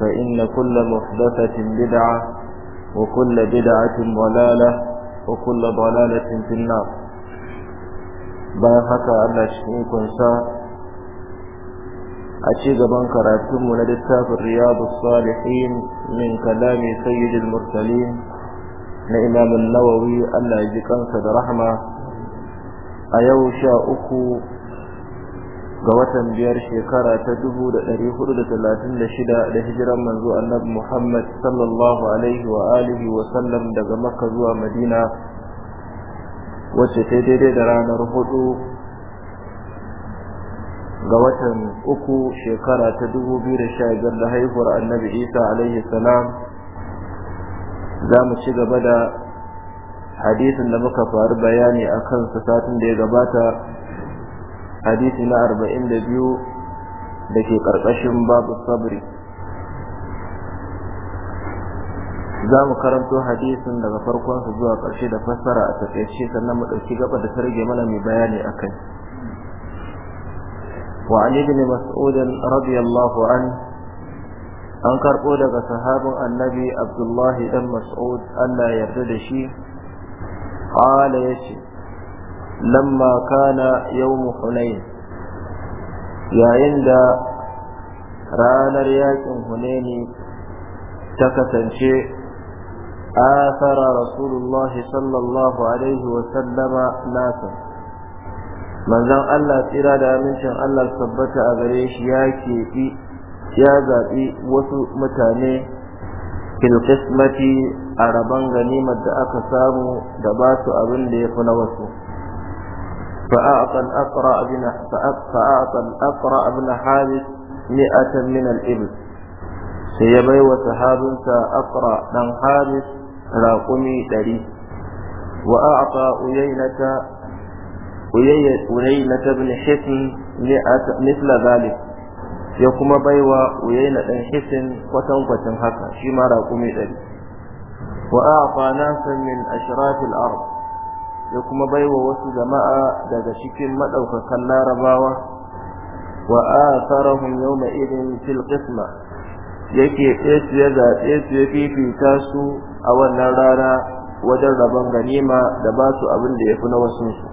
فإن كل محدثة بدعة وكل بدعة ضلالة وكل ضلالة في النار بايخك أن شنيكم سا أشيغ بنكر أتم لدتاف الرياض الصالحين من كلام سيد المرسلين لإمام النووي ألا يجيكم سد رحمة أيوشا أكو ga watan biyar shekara ta dubu da ɗari hudu da talatin da shida da hijiran manzo annabi Muhammad sallallahu alaihi wa alihi wa sallam daga Makka zuwa Madina wacce ta daidai da ranar hudu ga watan uku shekara ta dubu biyu da sha biyar da haihuwar annabi Isa alaihi salam za mu ci gaba da hadisin da muka faru bayani a kansa satin da ya gabata hadisi na arba'in da biyu da ke ƙarƙashin babu sabri za mu karanto hadisin daga farkonsa zuwa ƙarshe da fassara a taƙaice sannan mu ɗauki gaba da targe mana mai bayani a kai وعن ابن مسعود رضي الله عنه أنكر أولى صحاب النبي عبد الله بن مسعود ألا يرد شيء قال يشي lamma kana yawmu hunain yayin da ranar yakin hunaini ta kasance asara rasulullah sallallahu alaihi wa sallama nasa manzon Allah tsira da amincin Allah tabbata a gare shi ya keɓi ya zaɓi wasu mutane fil qismati a rabon ganimar da aka samu da basu su abin da ya fi na wasu فأعطى الأقرأ بن فأعطى الأقرأ بن حارث مئة من الإبل سيبي وسحابنت أقرأ بن حارث راقمي دري وأعطى أيينة أيينة بن حسن مئة مثل ذلك ya kuma baiwa uyaina ɗan hisin kwatankwacin haka shi ma raƙumi ɗari wa a fa nasan min ashiratil ard ya kuma baiwa wasu jama'a daga cikin madaukakan larabawa wa atharahum yawma idin fil qisma yake tsaye ya zaɓe ya fifita su a wannan rana wajen rabon ganima da ba su abin da ya fi na wasu su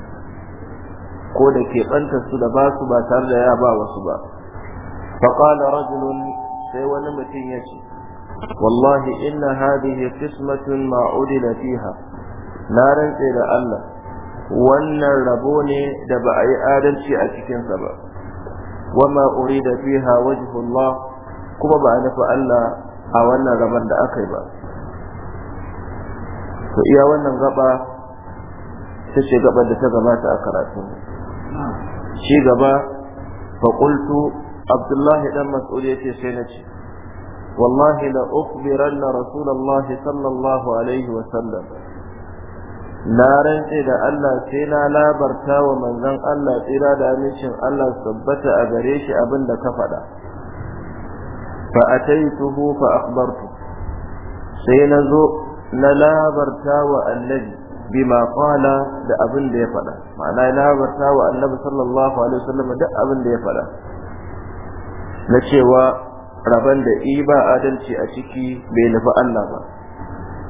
ko da ɓanta su da ba su ba tare da ya ba wasu ba faƙala rajulun sai wani mutum ya ce wallahi inna hadhihi qismatun ma udila fiha na rantse da Allah wannan rabo ne da ba a yi adalci a cikinsa ba wama urida fiha wajhullah kuma ba a nufi Allah a wannan rabon da aka yi ba to iya wannan gaba ta ce gabar da ta gabata a karatu shi gaba fa qultu abdullahi dan mas'ul yace sai na ce wallahi la ukhbiranna rasulullahi sallallahu alaihi wa sallam na rantse da Allah sai na labarta wa manzon Allah tsira da amincin Allah tabbata a gare shi abin da ka faɗa fa ataituhu fa akhbartu sai na zo na labarta wa annabi bima qala da abin da ya faɗa ma'ana labarta wa annabi sallallahu alaihi wasallam da abin da ya faɗa na cewa raban da i ba adalci a ciki bai nufi Allah ba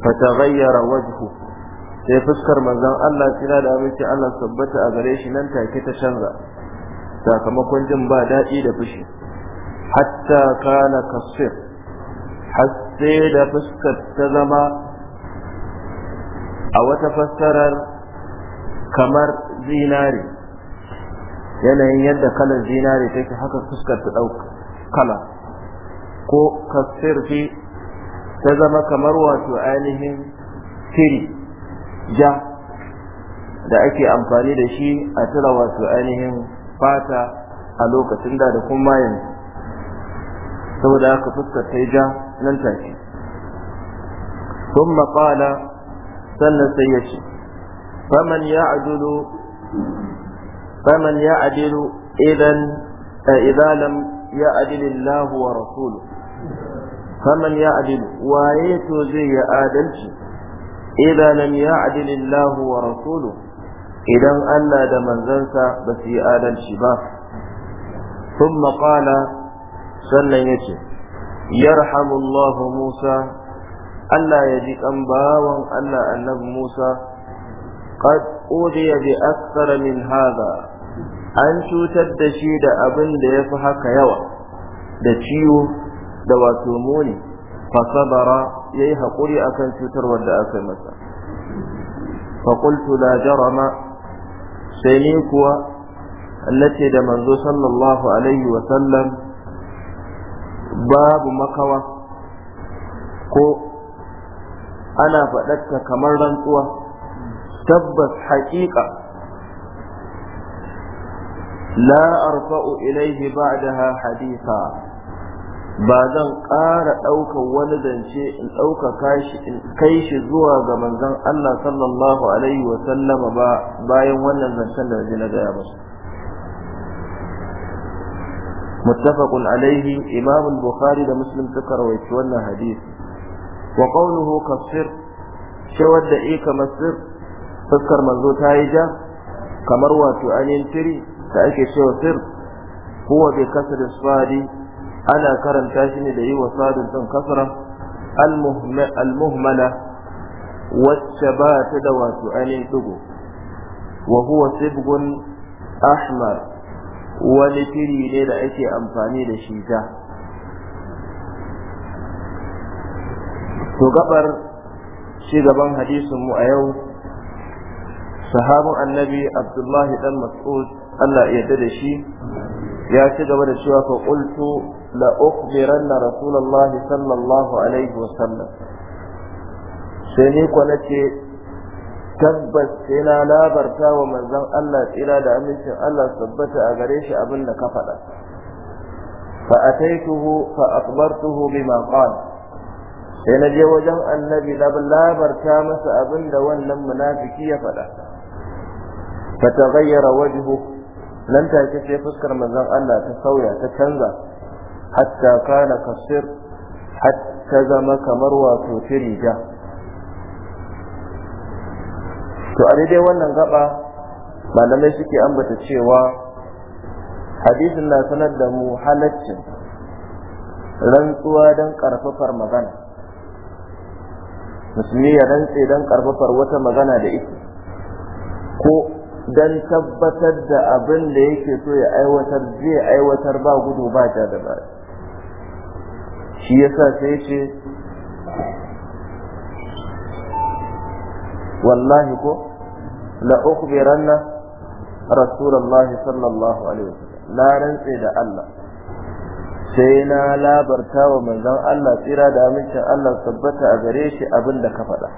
fa taghayyara wajhuhu sai fuskar manzon Allah kira da abinci Allah sabbata a gare shi nan take ta canza sakamakon jin ba daɗi da fushi hatta kana kasir har da fuskar ta zama a wata fassarar kamar zinari, yanayin yadda kalar zinare take haka fuskar ta ɗauka kala ko kasir fi ta zama kamar wato ainihin firi ja da ake amfani da shi a tura wato ainihin fata a lokacin da da kuma yanzu saboda aka fuskar sai ja nan take ثم قال sannan sai ya ce faman ya idan eh, idan lam ya wa waye to zai yi adalci idan lam ya'dil Allah wa rasuluhu idan Allah da manzansa ba su yi adalci ba thumma qala sannan yace yarhamu Allah Musa Allah ya ji kan bawan Allah annabi Musa qad udiya bi akthar min hadha an cutar da shi da abin da yafi haka yawa da ciwo da wato muni fa sabara ya yi haƙuri a kan cutarwar da aka masa faƙultu da jarama sai ni kuwa allace da manzo sallallahu alaihi wasallam babu makawa ko ana faɗarta kamar rantsuwa tabbas haƙiƙa la arfa'u ilaihi ba'daha haditha ba zan ƙara ɗaukar wani zance in ɗauka kai shi zuwa ga manzon Allah sallallahu alaihi wa sallama ba bayan wannan zancen da na gaya ba muttafaqun alaihi imam al-bukhari da muslim suka rawaito wannan hadisi wa qawluhu kasir shawad da ika masir fuskar manzo ta yi ja kamar wato anin tiri da ake cewa sir huwa bi kasr as-sadi ana karanta shi ne da yi wa sadin ɗin kasara al wacce ba ta da wato ainihin ɗigo wa huwa sibgun ahmar wani firi ne da ake amfani da shi ta. to gabar shi gaban hadisin mu a yau sahabin annabi abdullahi dan mas'ud Allah ya yarda da shi ya ci gaba da cewa fa qultu la ukhbiranna rasulullahi sallallahu alaihi wa sallam sai ni ko nace tabbas sai na labarta wa manzon Allah tsira da amincin Allah tabbata a gare shi abin da ka faɗa fa ataituhu fa akhbartuhu bima qala sai na je wajen annabi na labarta masa abin da wannan munafiki ya faɗa fa taghayyara wajhuhu nan take sai fuskar manzon Allah ta sauya ta canza hatta kana kasir hatta zama kamar wato firija to a daidai wannan gaba malamai suke ambata cewa hadisin na sanar da mu halaccin rantsuwa don karfafar magana musulmi ya rantse don karfafar wata magana da ita don tabbatar da abin da yake so ya aiwatar zai aiwatar ba gudu ba ja da ba shi yasa sai ce wallahi ko la ukhbiranna rasulullahi sallallahu alaihi wasallam na rantse da Allah sai na labarta wa manzon Allah tsira da amincin Allah tabbata a gare shi abin da ka faɗa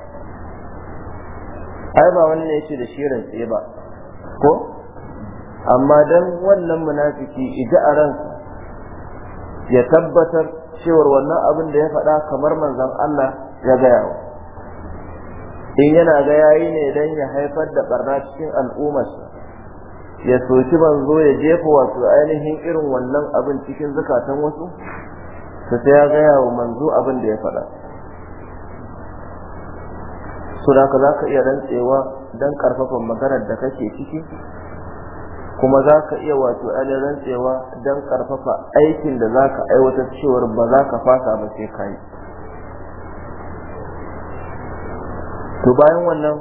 ai ba wannan yace da shirin tseba. ba ko amma dan wannan munafiki iji a ransa ya tabbatar cewar wannan abin da ya faɗa kamar manzon Allah ya gaya wa in yana ga yayi ne dan ya haifar da barna cikin al'ummarsa ya soki manzo ya jefa wato ainihin irin wannan abin cikin zakatan wasu ta ta ya gaya wa manzo abin da ya faɗa su da za ka iya rantsewa don karfafa maganar da kake ciki kuma za ka iya wato ainihin rantsewa don karfafa aikin da za ka aiwatar cewar ba za ka fasa ba sai ka yi to bayan wannan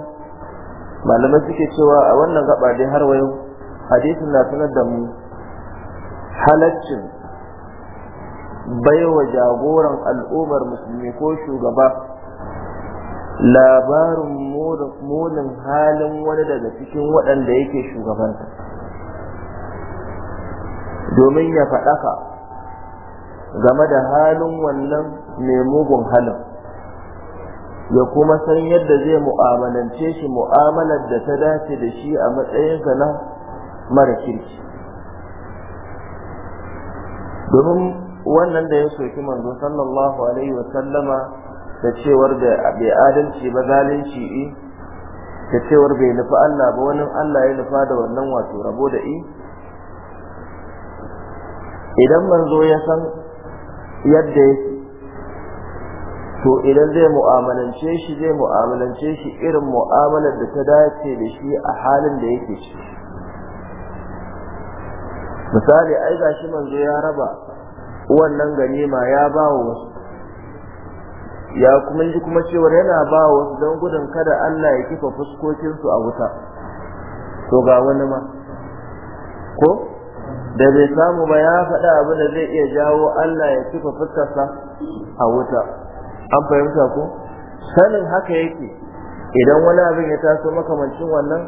malamai suke cewa a wannan gaba dai har wayo hadisin na sanar da mu halaccin baiwa jagoran al'ummar musulmi ko shugaba labarin munin halin wani daga cikin waɗanda yake shugabanta domin ya faɗaka game da halin wannan mai mugun halin ya kuma san yadda zai mu'amalance shi mu'amalar da ta dace da shi a matsayin na mara kirki domin wannan da ya soki manzo sallallahu alaihi wa da cewar da bai adalci ba zalunci e da cewar bai nufi Allah ba wani Allah ya nufa da wannan wato rabo da e idan manzo ya san yadda yake to idan zai mu'amalance shi zai mu'amalance shi irin mu'amalar da ta dace da shi a halin da yake shi misali ai gashi manzo ya raba wannan ganima ya ba wa wasu ya kuma ji kuma cewa yana ba wasu don gudun kada Allah ya kifa fuskokinsu a wuta to ga wani ma ko da bai samu ba ya faɗa abin da zai iya jawo Allah ya kifa fuskarsa a wuta an fahimta ko sanin haka yake idan wani abin ya taso makamancin wannan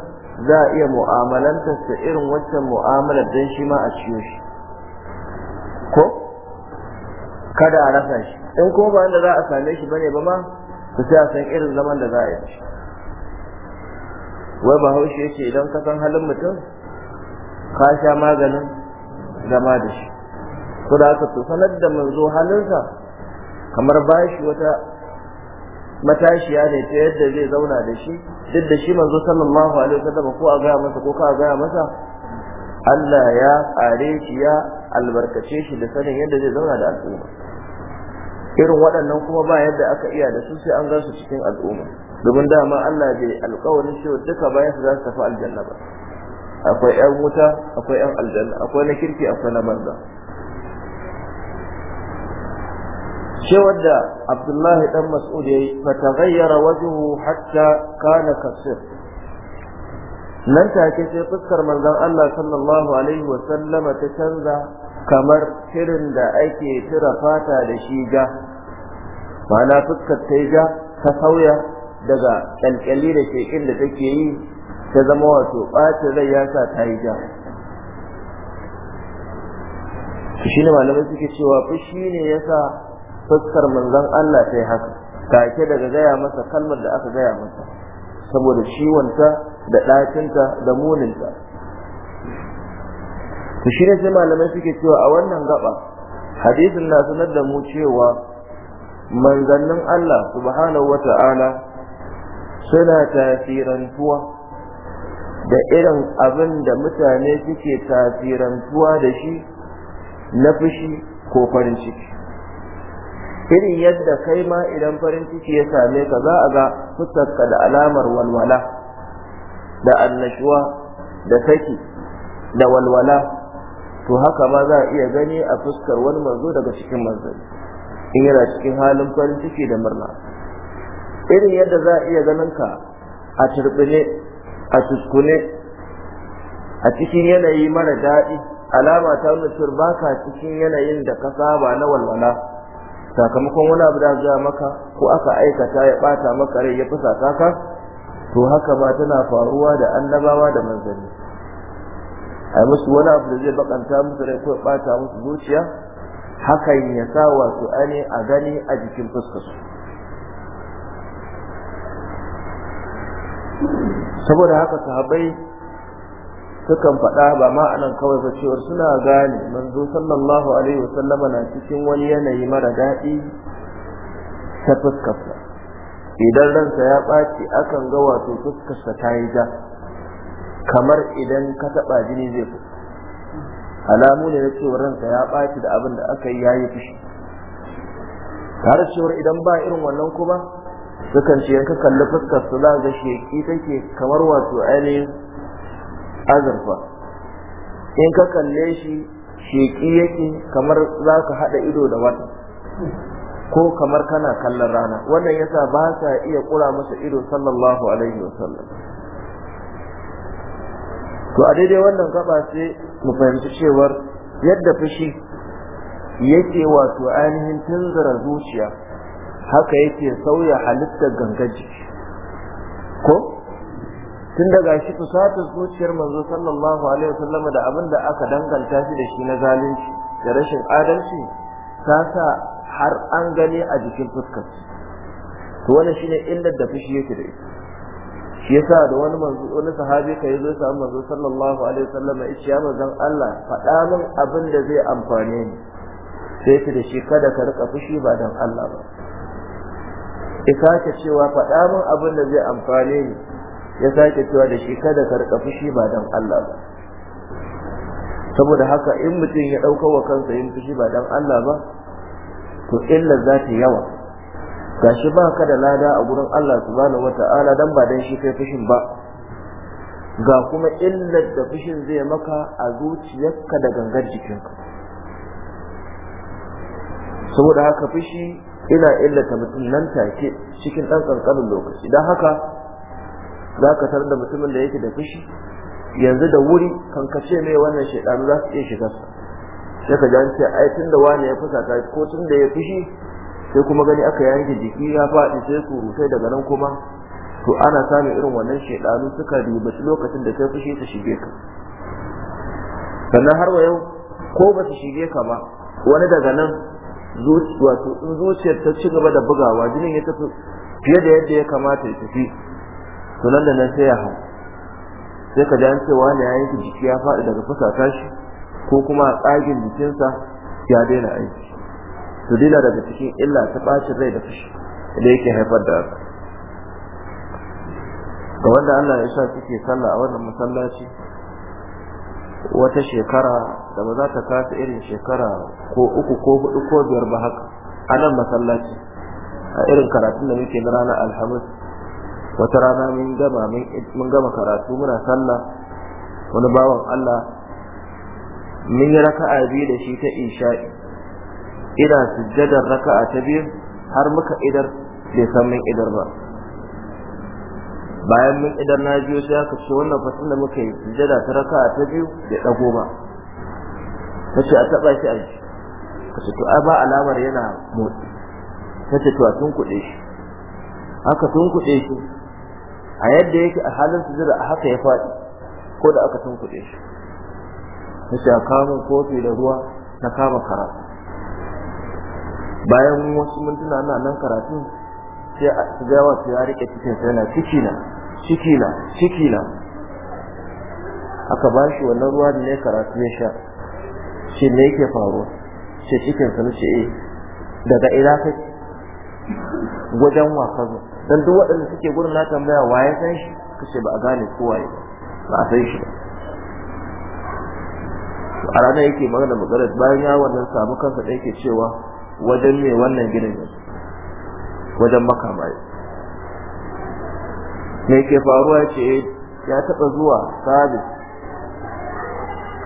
za a iya mu'amalantar sa irin waccan mu'amalar don shi ma a ciyo shi ko kada a rasa shi in kuma ba wanda za a same shi bane ba ma ku sai a san irin zaman da za a yi shi wai haushi yake idan ka san halin mutum ka sha maganin zama da shi ko da aka sanar da manzo halinsa kamar ba shi wata matashiya ne ta yadda zai zauna da shi duk da shi manzo sallallahu alaihi wasallam ko a gaya masa ko ka gaya masa Allah ya kare shi ya albarkace shi da sanin yadda zai zauna da al'umma irin waɗannan kuma ba yadda aka iya da su sai an gansu cikin al'umma domin dama Allah bai alƙawarin cewa duka bayan su za su tafi aljanna ba akwai ƴan wuta akwai ƴan aljanna akwai na kirki akwai na banza cewar da Abdullahi dan Mas'ud yayi fa taghayyara wajhu hatta kana kasir nan take sai fuskar manzon Allah sallallahu alaihi wa sallama ta canza kamar shirin da ake tira fata da shi ja mana fuskar ta ja ta sauya daga kyalkyali da shekin da take yi ta zama wato ɓacin zai ya sa ta yi ja shi ne malamai suke cewa shi ne ya sa fuskar manzon Allah ta yi haka take daga gaya masa kalmar da aka gaya masa saboda ciwonta da ɗakinta da muninta to shi ne sai malamai suke cewa a wannan gaba hadisin na sanar da mu cewa manzannin Allah subhanahu ta'ala suna tasirantuwa da irin abin da mutane suke tasirantuwa da shi na fushi ko farin ciki irin yadda kai ma idan farin ciki ya same ka za a ga fuskarka da alamar walwala da annashuwa da saki da walwala to haka ma za a iya gani a fuskar wani manzo daga cikin manzanni in yana cikin halin farin ciki da murna irin yadda za a iya ganin ka a turbine a tuskune a cikin yanayi mara daɗi alama ta nuna cewa ka cikin yanayin da ka saba na walwala sakamakon wani abu da za maka ko aka aikata ya ɓata maka rai ya fusata ka to haka ma tana faruwa da annabawa da manzanni a musu wani abu da zai bakanta musu rai ko bata musu zuciya hakan ya sa wasu ane a gani a jikin fuskarsu saboda haka sahabai sukan faɗa ba ma anan kawai ba cewar suna gane manzo sallallahu alaihi sallama na cikin wani yanayi mara daɗi ta fuskarsa idan ransa ya ɓaci akan ga wato fuskarsa ta yi ja kamar idan ka taɓa jini zai fito alamu ne na cewar sa ya ɓaci da abin da aka yi yayi yi fushi tare cewar idan ba irin wannan kuma sukan ce yanka kalli fuskar su za ga sheki take kamar wato ainihin azurfa in ka kalle shi sheki yake kamar za ka haɗa ido da wata ko kamar kana kallon rana wannan yasa ba sa iya kula masa ido sallallahu alaihi wasallam to a daidai wannan gaba sai mu fahimci cewar yadda fushi yake wato ainihin tunzura zuciya haka yake sauya halittar gangaji jiki ko tun daga shi fusata zuciyar manzo sallallahu alaihi wasallam da abin da aka danganta shi da shi na zalunci da rashin adalci ta sa har an gani a jikin fuskar to wannan shine illar da fushi yake da ita shi yasa da wani manzo wani sahabi ka yazo ya samu manzo sallallahu alaihi wasallam ya ce ya manzon Allah faɗa min abin da zai amfane ni sai ki da shi kada ka rika fushi ba dan Allah ba ya sake cewa faɗa min abin da zai amfane ni ya sake cewa da shi kada ka rika fushi ba dan Allah ba saboda haka in mutum ya dauka wa kansa yin fushi ba dan Allah ba to illa za ta yawa gashi ba ka da lada a gurin Allah subhanahu wata'ala dan ba dan shi kai fushin ba ga kuma illar da fushin zai maka a zuciyarka da gangar jikinka saboda haka fushi ina illata mutum nan take cikin ɗan ƙanƙanin lokaci dan haka za ka tar da mutumin da yake da fushi yanzu da wuri kankace mai wannan shaidanu za su iya shiga sai ka ji ce ai tun da wani ya fusata ko tun da ya fushi sai kuma gani aka yanke jiki ya faɗi sai rufe daga nan kuma to ana samun irin wannan shaidanu suka su lokacin da sai fushi su shige ka sannan har wa yau ko ba su shige ka ba wani daga nan wato in zuciyar ta ci gaba da bugawa jinin ya tafi fiye da yadda ya kamata ya tafi to nan da nan sai ya hau sai ka ji cewa ne ya jiki ya faɗi daga fusata shi ko kuma a jikinsa ya daina aiki su dina daga cikin illa ta bacin rai da fushi da yake haifar da haka ga wanda Allah ya sa suke sallah a wannan masallaci wata shekara da ba za ta kasa irin shekara ko uku ko hudu ko biyar ba haka a nan masallaci a irin karatun da muke na ranar alhamis wata rana mun gama mun gama karatu muna sallah wani bawan Allah mun yi raka'a biyu da shi ta isha'i ina sujjadar raka'a ta biyu har muka idar bai san min idar ba bayan mun idar na biyo sai aka ce wannan fasin da muka yi sujjada ta raka'a ta biyu bai dago ba ce a taba shi a jiki ka ce to a ba alamar yana motsi ce to a tunkuɗe shi aka tunkuɗe shi a yadda yake a halin sujjada a haka ya faɗi ko da aka tunkuɗe shi tace a kamun kofi da ruwa na kama karatu bayan wasu mintuna na nan karatun sai a gawa su ya rike cikin sai yana ciki na ciki na ciki na aka bashi wannan ruwa da ne karatu ya sha shi ne yake faru sai cikin sa nace eh daga ina ka wajen wasa zo dan duk waɗanda suke gurin na tambaya waye san shi kace ba a gane ko waye ba a san shi ba a ranar yake magana magana bayan ya wannan samu kansa da yake cewa wajen ne wannan ginin wajen makamai me ke faruwa ce eh, ya taɓa zuwa sabis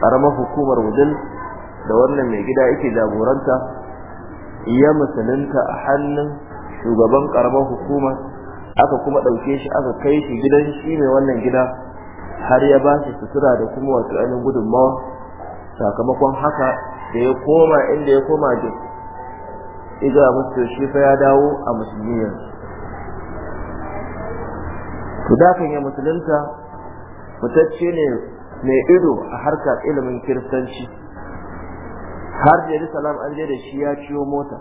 ƙaramar hukumar wajen da wannan mai gida yake jagoranta ya musulunta a hannun shugaban ƙaramar hukumar aka kuma ɗauke shi aka kai shi gidan shi mai wannan gida har ya ba shi sutura da kuma wasu ainihin gudunmawa sakamakon haka da ya koma inda ya koma ya ga musu shi fa ya dawo a musulmiyar? Ku to da kan ya musulunta mutacce ne mai ido a harkar ilimin kiristanci har salam an je da shi ya ciwo mota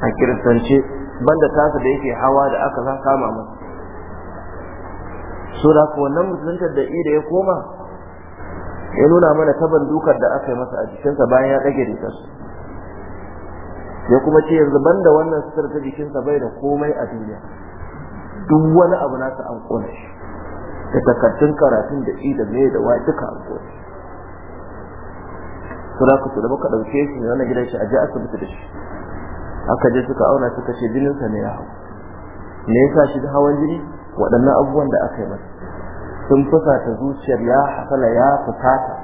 a kiristanci banda tasa da yake hawa da aka za kama masa so da wannan musuluntar da ida ya koma ya nuna mana taban dukar da aka yi masa a jikinsa bayan ya ɗage rigarsa ya kuma ce yanzu banda wannan sutura ta jikinsa bai da komai a duniya duk wani abu nasa an kona shi da takardun karatun da ita mai da wa duka an kona shi to da ku baka dauke shi wannan gidan shi a je asibiti da shi aka je suka auna suka ce jininsa ne ya hau me yasa shi da hawan jini waɗannan abubuwan da aka yi masa sun fusata zuciyar ya hasala ya fusata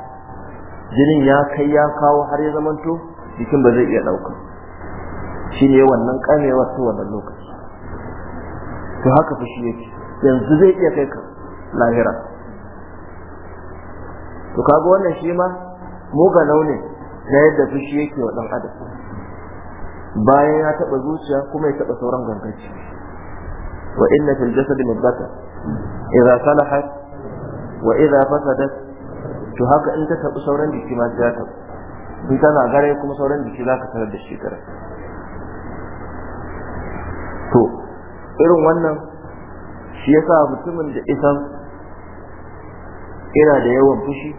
jinin ya kai ya kawo har ya zamanto jikin ba zai iya ɗauka shine wannan kamewar su wannan lokaci to haka fushi yake yanzu zai iya kai ka lahira to kaga wannan shi ma mu ga ne na yadda fushi yake wa dan adam bayan ya taba zuciya kuma ya taba sauran gangaci wa inna fil jasad mudghata idza salahat wa idza fasadat to haka in ta taba sauran jiki ma ta taba in tana gare kuma sauran jiki zaka tarar da shi gare to irin wannan shi sa mutumin da isan ina da yawan fushi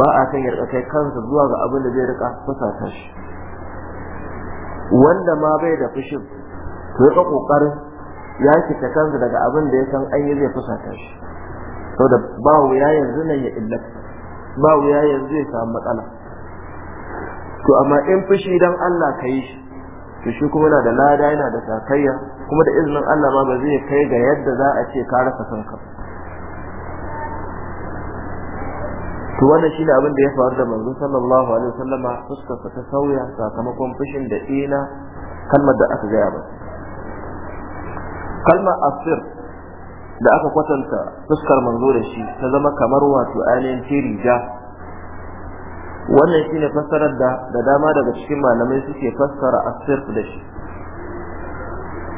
ba a kan yarda kai kansa zuwa ga abin da zai rika fusata shi wanda ma bai da fushin to ya kokarin ya ta kansa daga abin da ya san an yi zai fusata shi saboda ba wuya yanzu nan ya illa. ba wuya yanzu ya samu matsala to amma in fushi dan Allah ka yi shi to shi kuma yana da lada yana da sakayya kuma da izinin Allah ma ba zai kai ga yadda za a ce ka rasa kanka to wannan shine abin da ya faru da manzo sallallahu alaihi wasallama fuskar ta sauya sakamakon fushin da ina kalmar da aka gaya ba kalmar asir da aka kwatanta fuskar manzo da shi ta zama kamar wato ainihin tirija wannan shine fassarar da da dama daga cikin malamai suke fassara asir da shi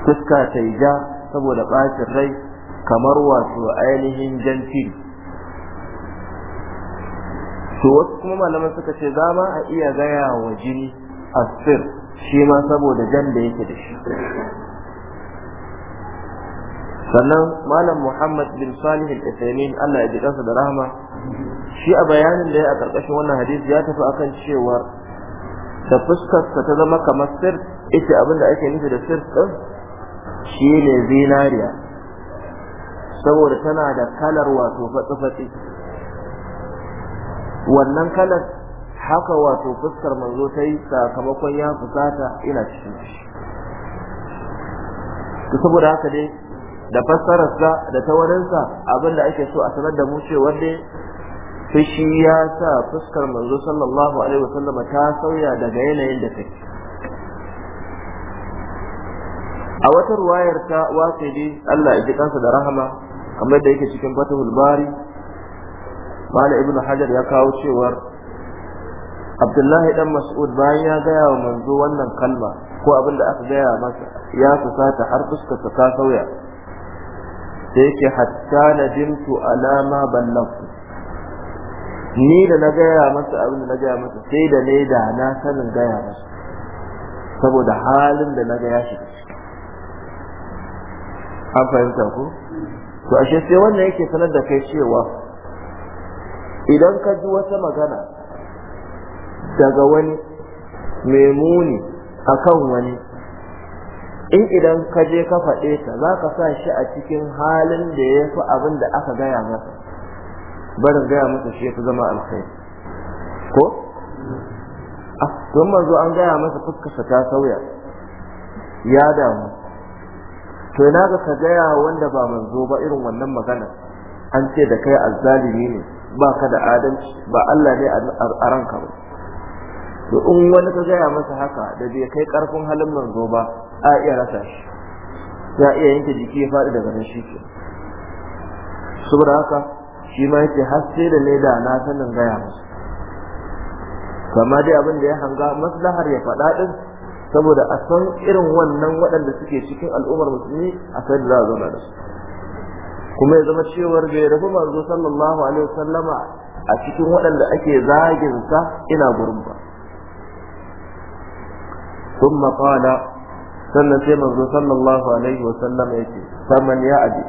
fuska ta ja saboda bacin rai kamar wato ainihin jan to wasu kuma malamai suka ce za ma a iya gaya wa jini asir shi ma saboda jan da yake da shi sannan malam muhammad bin salih al-isaimin allah ya ji kansa da rahama shi a bayanin da ya a karkashin wannan hadisi ya tafi akan cewa da fuskarsa ta zama kamar sir ita abinda ake nufi da sir din shi ne zinariya saboda tana da kalar wato fatsi-fatsi wannan kalar haka wato fuskar manzo ta yi sakamakon ya fusata ina cikin shi saboda haka dai da fassararsa da tawarinsa abin da ake so a sanar da mu cewar dai fushi ya sa fuskar manzo sallallahu alaihi wasallam ta sauya daga yanayin da take a wata ruwayar ta wasidi Allah ya ji kansa da rahama kamar da yake cikin fatihul bari mala ibnu hajar ya kawo cewar abdullahi dan mas'ud bayan ya gaya wa manzo wannan kalma ko abin da aka gaya masa ya fusata har fuskarsa ta sauya da yake hatta nadimtu alama ballafu. ni da na gaya masa abin da na gaya masa sai da ne da na sanin gaya masa saboda halin da na gaya shi an fahimta ku? to ashe sai wannan yake sanar da kai cewa idan ka ji wata magana daga wani mai muni kan wani in idan ka je ka faɗe ta za ka sa shi a cikin halin da ya fi abin da aka gaya masa barin gaya masa shi ya fi zama alkhairi ko tun ah, manzo an gaya masa fuskarsa ta sauya ya damu to na ga ka gaya wanda ba manzo ba irin wannan magana an ce da kai azzalimi ne ba ka da adalci ba Allah ne a ranka ba to in wani ka gaya masa haka da bai kai karfin halin manzo ba a iya rasa shi za iya yanke jiki ya faɗi daga nan shi ke saboda haka shi ma yake har sai da ne da na sanin gaya masa kama dai abin da ya hanga maslahar ya faɗa ɗin saboda a san irin wannan waɗanda suke cikin al'ummar musulmi a san da za da su kuma ya zama cewar bai rabu manzo sallallahu alaihi wasallama a cikin waɗanda ake zagin sa ina gurin ba ثم قال sannan sai manzo sallallahu alaihi wa sallam yace saman ya adi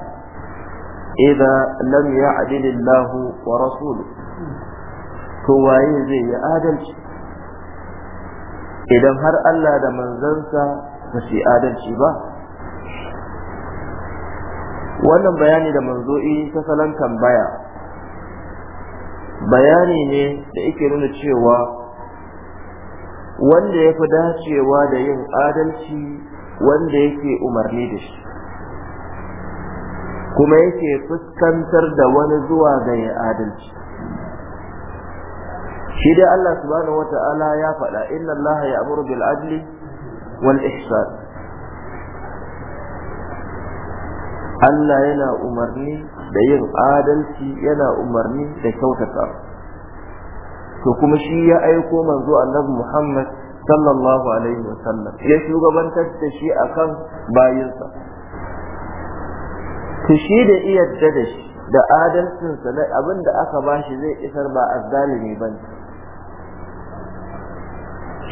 idza lam ya'dil Allah wa rasuluhu to waye zai yi adalci idan har Allah da manzansa ba adalci ba wannan bayani da manzo ta salon tambaya bayani ne da yake nuna cewa wanda ya fi dacewa da yin adalci wanda yake umarni da shi kuma yake fuskantar da wani zuwa ga ya adalci shi dai Allah subhanahu ya faɗa inna Allah ya amuru bil adli wal ihsan Allah yana umarni da yin adalci yana umarni da kyautata to kuma shi ya aiko manzo annabi Muhammad sallallahu alaihi wa sallam ya shugabantar da shi akan bayinsa to shi da iya da shi da adalcinsa na abin da aka shi zai isar ba azzalimi ba ne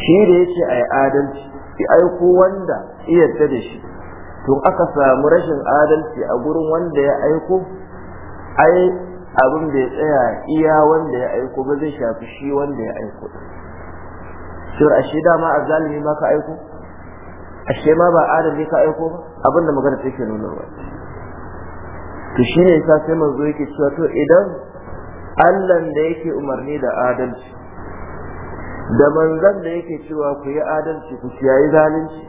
shi da yace ai adalci ki aiko wanda iya da shi to aka samu rashin adalci a gurin wanda ya aiko ai abin bai tsaya iya wanda ya aiko ba zai shafi shi wanda ya aiko shir shi dama a zalimi ma ka aiko A shi ma ba adam ne ka aiko ba abin da magana take nuna ba to shi ne yasa sai manzo yake cewa to idan allan da yake umarni da adalci da manzan da yake cewa ku yi adalci ku kiyaye zalunci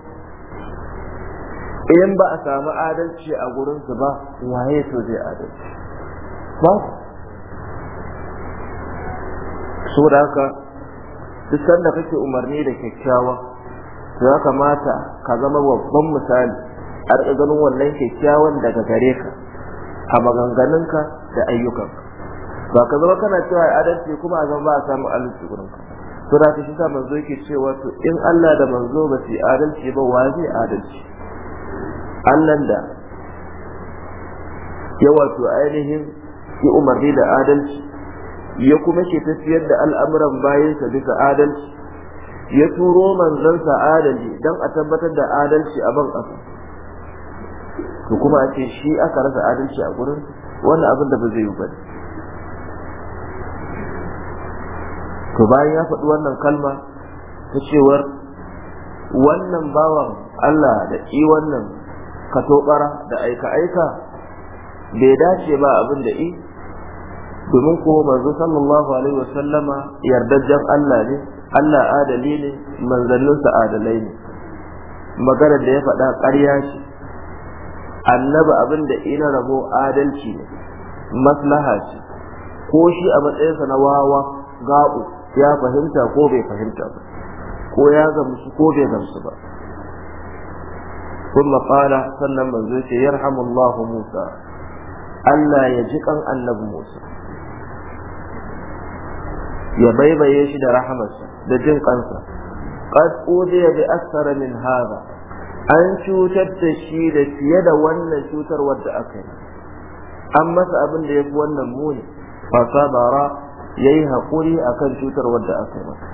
in ba a samu adalci a gurinsu ba waye to zai adalci ba da haka duk sanda kake umarni da kyakkyawa ya kamata ka zama babban misali a riƙa ganin wannan kyakkyawan daga gare ka a maganganunka da ka. ba ka zama kana cewa adalci kuma a zama ba a samu adalci gurin ka suna ta shi sa manzo yake cewa to in Allah da manzo ba su adalci ba wa zai adalci Allah da ya wato ainihin ya umarni da adalci ya kuma ke tafiyar da al'amuran bayansa bisa adalci ya turo manzansa adali don a tabbatar da adalci a ban ƙasa to kuma a ce shi aka rasa adalci a gurin wannan abin da ba zai yi ba to bayan ya faɗi wannan kalma ta cewar wannan bawan Allah da i wannan katobara da aika-aika bai dace ba abin da i domin ko manzo sallallahu alaihi wa wasallama yardajjen Allah ne Allah adali ne sa adalai ne maganar da ya faɗa ƙarya ce annaba abin da ina rabo adalci ne maslaha ce ko shi a matsayinsa na wawa ga'u ya fahimta ko bai fahimta ba ko ya gamsu ko bai gamsu ba kuma قال sannan manzo ce yarhamullahu Musa Allah ya ji kan annabi Musa ya baibaye shi da rahamarsa da jin kansa qad udiya bi akthara min hadha an cutar da shi da fiye da wannan cutar wadda aka yi an masa abin da ya fi wannan muni fa sabara yayi hakuri akan cutar wadda aka yi masa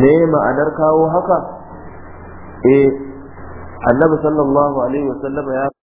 me ma'anar kawo haka eh annabi sallallahu alaihi wasallam ya